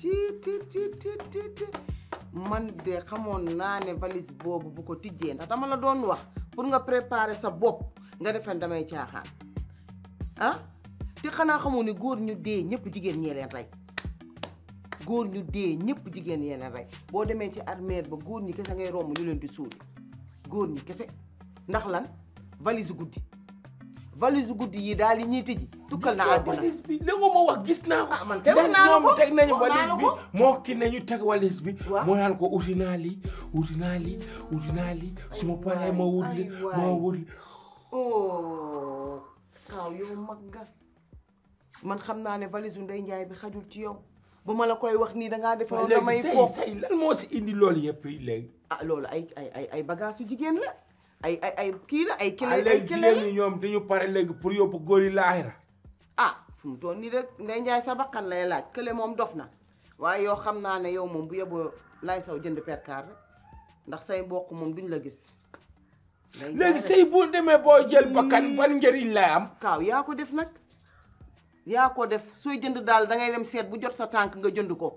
tiiti tiiti tiiti man de xamoon naa ne valise boobu bu ko tijjee ndax dama la doon wax pour nga préparer sa bopp nga defen damay caaxaan ah te xanaa xamoon ne góor ñu dee ñëpp jigéen ñee leen rey góor ñu dee ñëpp jigéen ñee leen rey boo demee ci armeel ba góor ñi kese ngay romb ñu leen di suul góor ñi kese ndax lan valise guddi valise guddi yi daal yi ñuy tijji tukkal na wax gis naa ko ah, man teg ko moom teg nañu walis bi moo ki nañu teg walis bi moo naan ko uti naa lii uti naa lii uti naa lii ma wut li ma wut li oh yow mag nga man xam naa ne valise u Ndeye bi xajul ci yow bu ma la koy wax nii dangaa defe woon damay foo say lan moo si indi loolu yëpp léegi ah loolu ay ay ay bagage yu jigéen la ay ay ay kii la ay kile ah, ay kile la léegi jigéen ñi ñoom dañu pare léegi pour yóbbu góor yi laaxira ah fu mu doon nii rek ndey njaay sa bakkan lay laaj kële moom dof na yo yow xam naa ne yow moom bu yeboo lay saw jënd perkaar rek ndax say mbokk moom duñ la gis léegi say bu demee boo jël mm. bakkan ban njëriñ lay am kaaw yaa ko def nag yaa ko def sooy jënd daal da ngay dem seet bu jot sa tànk nga jënd ko